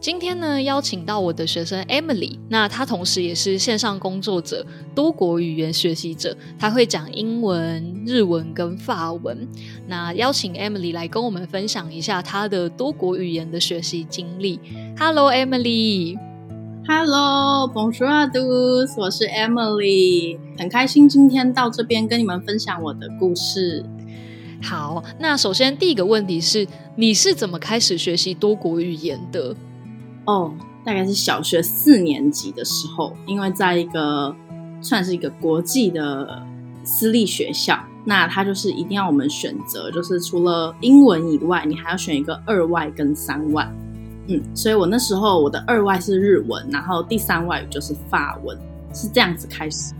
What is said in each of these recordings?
今天呢，邀請到我的學生 Emily，那她同時也是線上工作者、多國語言學習者，她會講英文、日文跟法文。那邀請 Emily 來跟我們分享一下她的多國語言的學習經歷。Hello Emily，Hello, bonjour à tous, 我是 Emily，很開心今天到這邊跟你們分享我的故事。好，那首先第一個問題是，你是怎麼開始學習多國語言的？哦，oh, 大概是小學四年級的時候，因為在一個算是一個國際的私立學校，那他就是一定要我們選擇，就是除了英文以外，你還要選一個二外跟三外。嗯，所以我那時候我的二外是日文，然後第三外就是法文，是這樣子開始。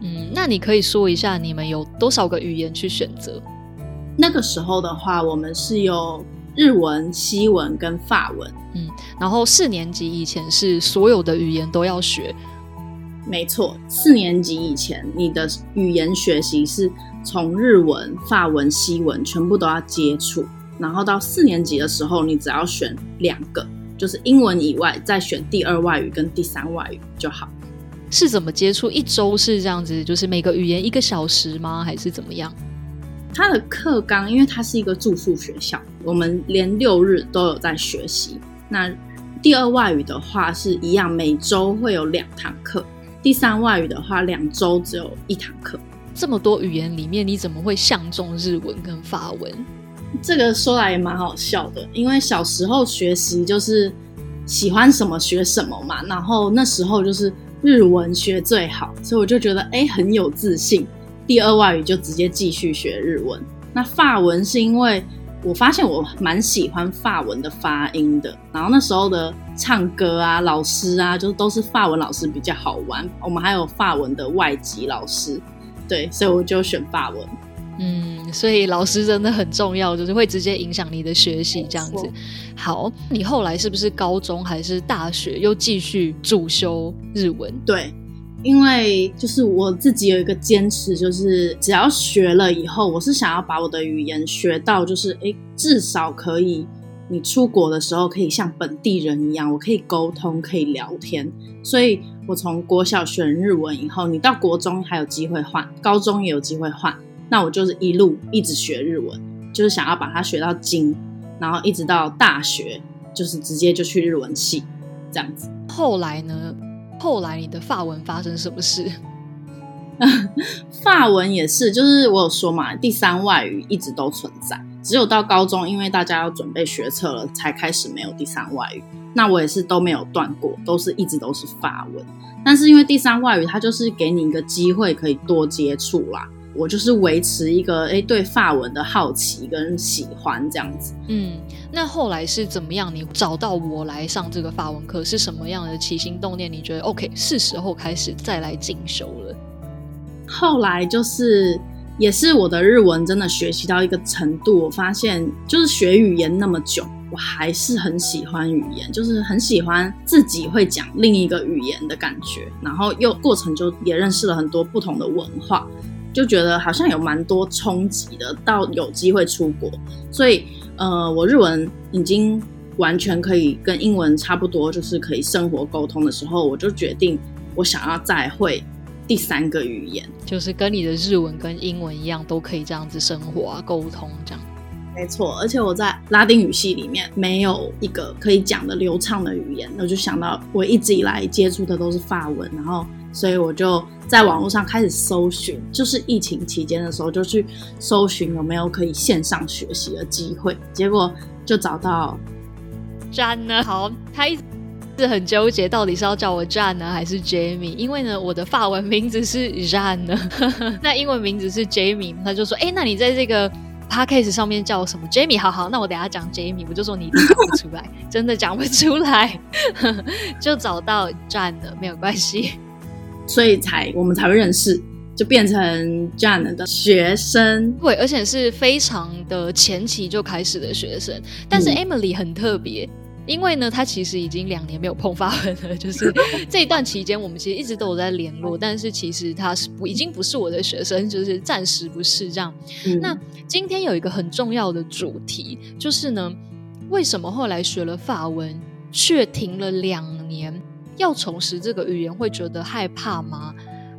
嗯，那你可以說一下你們有多少個語言去選擇？那個時候的話，我們是有。日文、西文跟法文，嗯，然後四年級以前是所有的語言都要學。沒錯。四年級以前，你的語言學習是從日文、法文、西文全部都要接觸，然後到四年級的時候，你只要選兩個，就是英文以外再選第二外語跟第三外語就好。是怎麼接觸？一周是這樣子，就是每個語言一個小時嗎？還是怎麼樣？他的課綱，因為他是一個住宿學校，我們連六日都有在學習。那第二外語的話是一樣，每週會有兩堂課；第三外語的話，兩週只有一堂課。這麼多語言裡面，你怎麼會相中日文跟法文？這個說來也蠻好笑的，因為小時候學習就是喜歡什麼學什麼嘛，然後那時候就是日文學最好，所以我就覺得哎，欸，很有自信。第二外語就直接繼續學日文。那法文是因為我發現我蠻喜歡法文的發音的，然後那時候的唱歌啊、老師啊，就都是法文老師比較好玩。我們還有法文的外籍老師，對，所以我就選法文。嗯，所以老師真的很重要，就是會直接影響你的學習這樣子。沒錯。好，你後來是不是高中還是大學又繼續主修日文？對。因為就是我自己有一個堅持，就是只要學了以後，我是想要把我的語言學到，就是誒，至少可以你出國的時候可以像本地人一樣，我可以溝通，可以聊天。所以，我從國小學日文以後，你到國中還有機會換，高中也有機會換。那我就是一路一直學日文，就是想要把它學到精，然後一直到大學，就是直接就去日文系這樣子。後來呢？後來你的法文發生什麼事？法 文也是，就是我有說嘛，第三外語一直都存在，只有到高中，因為大家要準備學測了，才開始沒有第三外語。那我也是都沒有斷過，都是一直都是法文。但是因為第三外語，它就是給你一個機會，可以多接觸啦、啊。我就是維持一個誒、欸，對法文的好奇跟喜歡這樣子。嗯，那後來是怎麼樣？你找到我來上這個法文課是什麼樣的起心動念？你覺得 OK 是時候開始再來進修了？後來就是也是我的日文真的學習到一個程度，我發現就是學語言那麼久，我還是很喜歡語言，就是很喜歡自己會講另一個語言的感覺，然後又過程就也認識了很多不同的文化。就覺得好像有蠻多衝擊的，到有機會出國，所以呃，我日文已經完全可以跟英文差不多，就是可以生活溝通的時候，我就決定我想要再會第三個語言，就是跟你的日文跟英文一樣，都可以這樣子生活溝通這樣。沒錯，而且我在拉丁語系裡面沒有一個可以講的流暢的語言，我就想到我一直以來接觸的都是法文，然後所以我就。在網絡上開始搜尋，就是疫情期間的時候，就去搜尋有沒有可以線上學習的機會，結果就找到詹呢。Jan ne, 好，他一直很糾結，到底是要叫我詹呢，還是 Jamie？因為呢，我的法文名字是詹呢，那英文名字是 Jamie。他就說：“哎、欸，那你在這個 Podcast 上面叫我什麼？Jamie？” 好好，那我等下講 Jamie，我就說你一定講不出來， 真的講不出來， 就找到 Jan 了，沒有關係。所以才我們才會認識，就變成這樣的學生。對，而且是非常的前期就開始的學生。但是 Emily 很特別，嗯、因為呢，她其實已經兩年沒有碰法文了。就是 這一段期間，我們其實一直都有在聯絡，但是其實她是不已經不是我的學生，就是暫時不是這樣。嗯、那今天有一個很重要的主題，就是呢，為什麼後來學了法文卻停了兩年？要重拾這個語言，會覺得害怕嗎？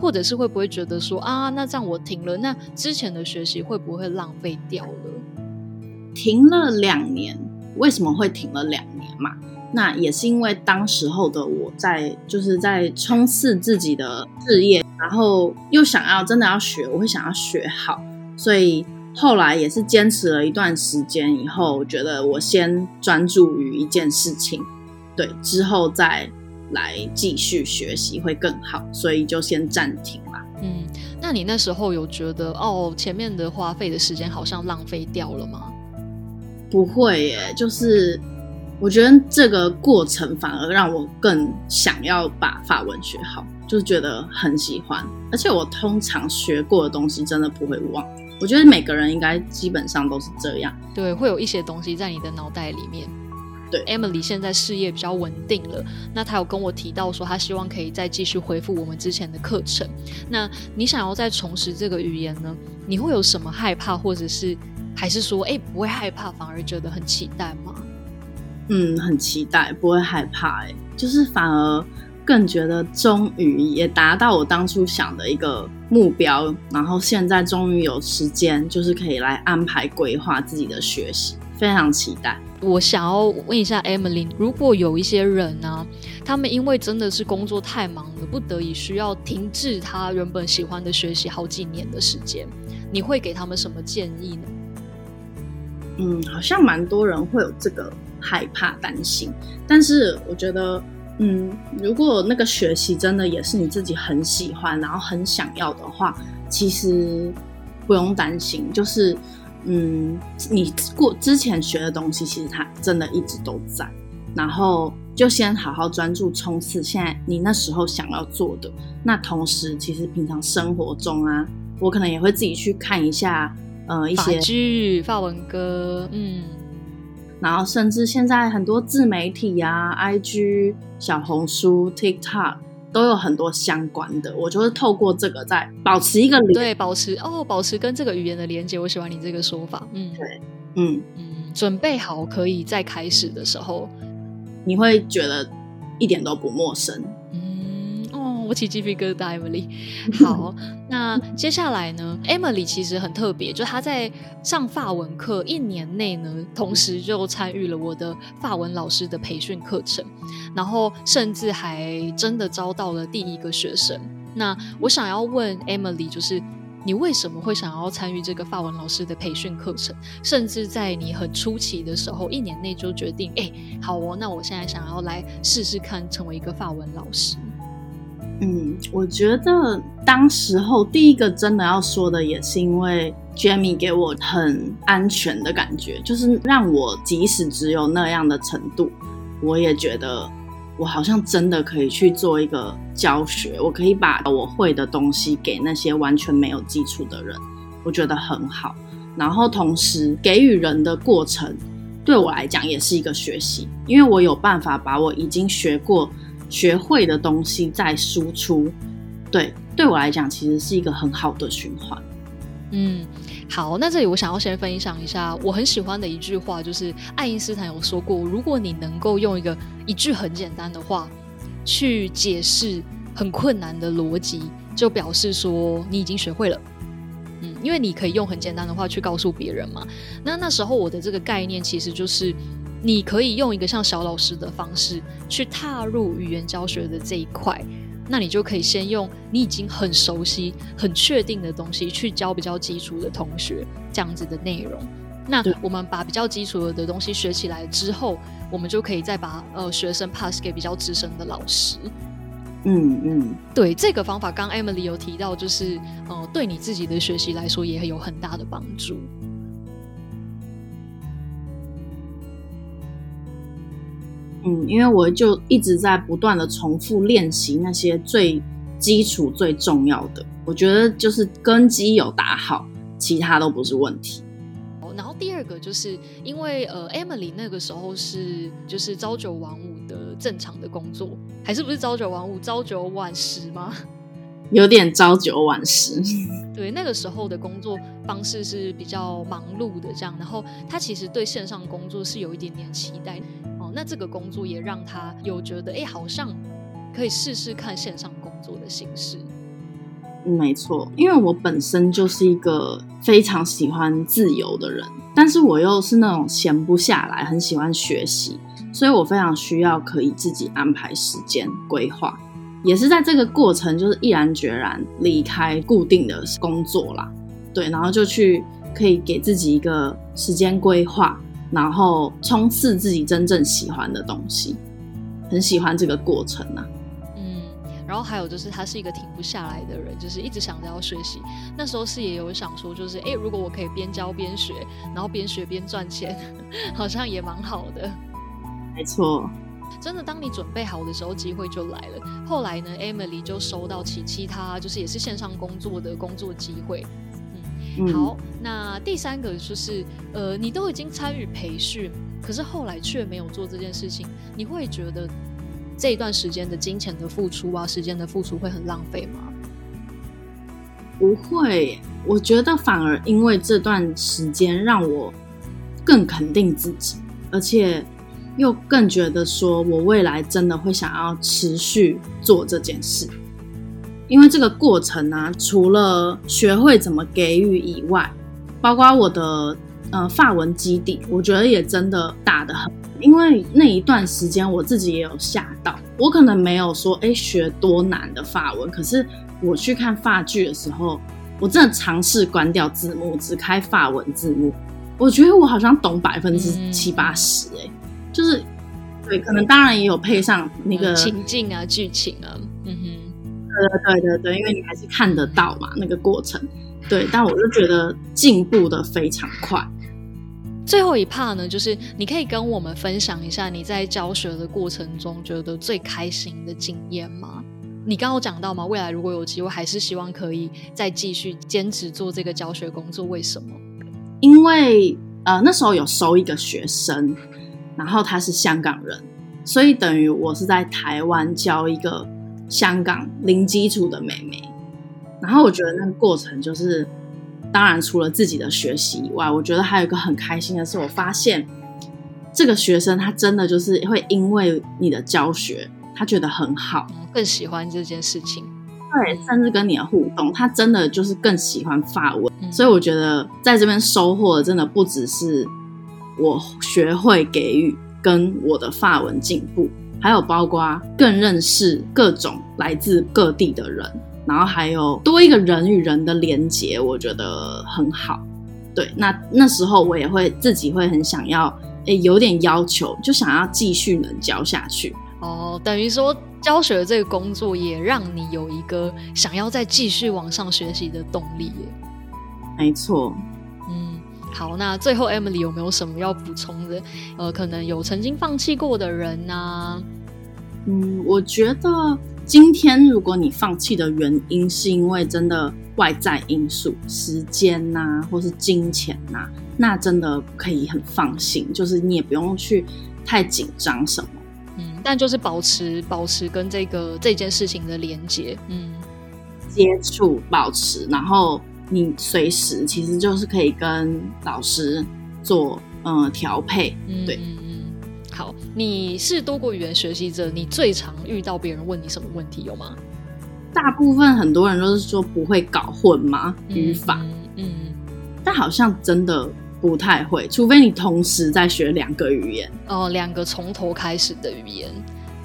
或者是會不會覺得說啊，那這樣我停了，那之前的學習會不會浪費掉了？停了兩年，為什麼會停了兩年嘛？那也是因為當時候的我在就是在衝刺自己的事業，然後又想要真的要學，我會想要學好，所以後來也是堅持了一段時間以後，覺得我先專注於一件事情，對，之後再。來繼續學習會更好，所以就先暫停吧。嗯，那你那時候有覺得哦，前面的花費的時間好像浪費掉了嗎？不會耶、欸，就是我覺得這個過程反而讓我更想要把法文學好，就是覺得很喜歡。而且我通常學過的東西真的不會忘，我覺得每個人應該基本上都是這樣。對，會有一些東西在你的腦袋裡面。對，Emily 現在事業比較穩定了，那她有跟我提到說，她希望可以再繼續恢復我們之前的課程。那你想要再重拾這個語言呢？你會有什麼害怕，或者是還是說，哎，不會害怕，反而覺得很期待嗎？嗯，很期待，不會害怕，欸，哎，就是反而更覺得終於也達到我當初想的一個目標，然後現在終於有時間，就是可以來安排規劃自己的學習，非常期待。我想要問一下 Emily，如果有一些人呢、啊，他們因為真的是工作太忙了，不得已需要停止他原本喜歡的學習好幾年的時間，你會給他們什麼建議呢？嗯，好像蠻多人會有這個害怕擔心，但是我覺得，嗯，如果那個學習真的也是你自己很喜歡，然後很想要的話，其實不用擔心，就是。嗯，你過之前學的東西，其實它真的一直都在。然後就先好好專注衝刺現在你那時候想要做的。那同時，其實平常生活中啊，我可能也會自己去看一下，呃，一些法劇、法文歌，嗯，然後甚至現在很多自媒體啊，IG、小紅書、TikTok。都有很多相關的，我就是透過這個在保持一個連對，保持哦，保持跟這個語言的連接。我喜歡你這個說法，嗯，對，嗯嗯，準備好可以再開始的時候，你會覺得一點都不陌生。起雞皮疙瘩，Emily。好， 那接下來呢？Emily 其實很特別，就她在上法文課一年內呢，同時就參與了我的法文老師的培訓課程，然後甚至還真的招到了第一個學生。那我想要問 Emily，就是你為什麼會想要參與這個法文老師的培訓課程？甚至在你很初期的時候，一年內就決定，哎、欸，好哦，那我現在想要來試試看，成為一個法文老師。嗯，我覺得當時候第一個真的要說的，也是因為 Jamie 給我很安全的感覺，就是讓我即使只有那樣的程度，我也覺得我好像真的可以去做一個教學，我可以把我會的東西給那些完全沒有基礎的人，我覺得很好。然後同時給予人的過程，對我來講也是一個學習，因為我有辦法把我已經學過。學會的東西再輸出，對，對我來講其實是一個很好的循環。嗯，好，那這裡我想要先分享一下我很喜歡的一句話，就是愛因斯坦有說過，如果你能夠用一個一句很簡單的話去解釋很困難的邏輯，就表示說你已經學會了。嗯，因為你可以用很簡單的話去告訴別人嘛。那那時候我的這個概念其實就是，你可以用一個像小老師的方式去踏入語言教學的這一塊，那你就可以先用你已經很熟悉、很確定的東西去教比較基礎的同學這樣子的內容。那我們把比較基礎的東西學起來之後，我們就可以再把呃學生 pass 給比較資深的老師。嗯嗯，嗯，對這個方法，剛 Emily 有提到，就是呃對你自己的學習來說也很有很大的幫助。嗯，因為我就一直在不斷的重複練習那些最基礎最重要的，我覺得就是根基有打好，其他都不是問題。然後第二個就是因為呃，Emily 那個時候是就是朝九晚五的正常的工作，還是不是朝九晚五？朝九晚十嗎？有點朝九晚十，對，那個時候的工作方式是比較忙碌的，這樣。然後他其實對線上工作是有一點點期待哦。那這個工作也讓他有覺得，哎、欸，好像可以試試看線上工作的形式。沒錯，因為我本身就是一個非常喜歡自由的人，但是我又是那種閒不下來，很喜歡學習，所以我非常需要可以自己安排時間規劃。也是在這個過程，就是毅然決然離開固定的工作啦，對，然後就去可以給自己一個時間規劃，然後衝刺自己真正喜歡的東西，很喜歡這個過程啊。嗯，然後還有就是，他是一個停不下來的人，就是一直想着要學習。那時候是也有想說，就是欸，如果我可以邊教邊學，然後邊學邊賺錢，好像也蠻好的。沒錯。真的，當你準備好的時候，機會就來了。後來呢，Emily 就收到其其他，就是也是線上工作的工作機會。嗯，好，那第三個就是，呃，你都已經參與培訓，可是後來卻沒有做這件事情，你會覺得這一段時間的金錢的付出啊，時間的付出會很浪費嗎？不會，我覺得反而因為這段時間讓我更肯定自己，而且。又更覺得說，我未來真的會想要持續做這件事，因為這個過程呢、啊，除了學會怎麼給予以外，包括我的呃法文基底我覺得也真的打得很。因為那一段時間我自己也有嚇到，我可能沒有說誒學多難的法文，可是我去看法劇的時候，我真的嘗試關掉字幕，只開法文字幕，我覺得我好像懂百分之七八十誒、欸嗯就是對，可能當然也有配上那個、嗯、情境啊、劇情啊，嗯哼，對對對對對，因為你還是看得到嘛，那個過程。對，但我就覺得進步得非常快。最後一 part 呢，就是你可以跟我們分享一下你在教學的過程中覺得最開心的經驗嗎？你剛剛講到嘛，未來如果有機會，還是希望可以再繼續堅持做這個教學工作，為什麼？因為呃，那時候有收一個學生。然後他是香港人，所以等於我是在台灣教一個香港零基礎的妹妹。然後我覺得那個過程就是，當然除了自己的學習以外，我覺得還有一個很開心的是，我發現這個學生他真的就是會因為你的教學，他覺得很好，更喜歡這件事情。對，甚至跟你的互動，他真的就是更喜歡法文。嗯，所以我覺得在這邊收穫的真的不只是。我學會給予，跟我的法文進步，還有包括更認識各種來自各地的人，然後還有多一個人與人的連結，我覺得很好。對，那那時候我也會自己會很想要，哎，有點要求，就想要繼續能教下去。哦，等於說教學這個工作也讓你有一個想要再繼續往上學習的動力耶。沒錯。好，那最後 Emily 有沒有什麼要補充的？呃，可能有曾經放棄過的人呢、啊？嗯，我覺得今天如果你放棄的原因是因為真的外在因素，時間吶、啊，或是金錢吶、啊，那真的可以很放心，就是你也不用去太緊張什麼。嗯，但就是保持保持跟這個這件事情的連接，嗯，接觸保持，然後。你隨時其實就是可以跟老師做嗯、呃、調配，對、嗯，好。你是多國語言學習者，你最常遇到別人問你什麼問題有嗎？大部分很多人都是說不會搞混嗎，語法？嗯，嗯嗯，但好像真的不太會，除非你同時在學兩個語言哦，兩個從頭開始的語言，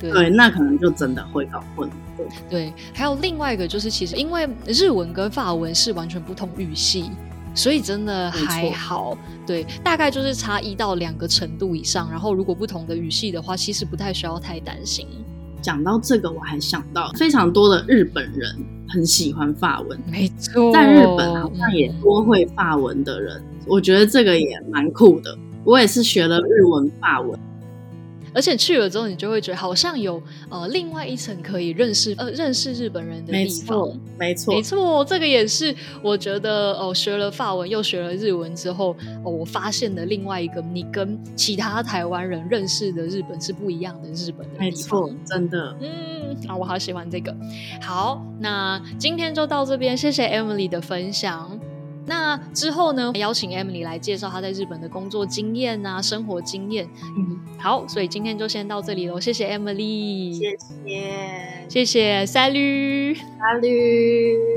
對，對對，那可能就真的會搞混。對，對還有另外一個就是，其實因為日文跟法文是完全不同語系，所以真的還好。沒錯。對，大概就是差一到兩個程度以上。然後如果不同的語系的話，其實不太需要太擔心。講到這個，我還想到非常多的日本人很喜歡法文，沒錯，在日本好、啊、像、嗯、也多會法文的人，我覺得這個也蠻酷的。我也是學了日文、法文。而且去了之後，你就會覺得好像有呃另外一層可以認識呃認識日本人的地方，沒錯，沒錯，沒錯，這個也是我覺得哦，學了法文又學了日文之後，哦，我發現的另外一個你跟其他台灣人認識的日本是不一樣的日本的地方，沒錯，真的，嗯，啊，我好喜歡這個。好，那今天就到這邊，謝謝 Emily 的分享。那之後呢，邀請 Emily 來介紹她在日本的工作經驗啊，生活經驗。嗯哼，好，所以今天就先到這裡嘍。謝謝 Emily，謝謝，謝謝，Salut，Salut。Salut Salut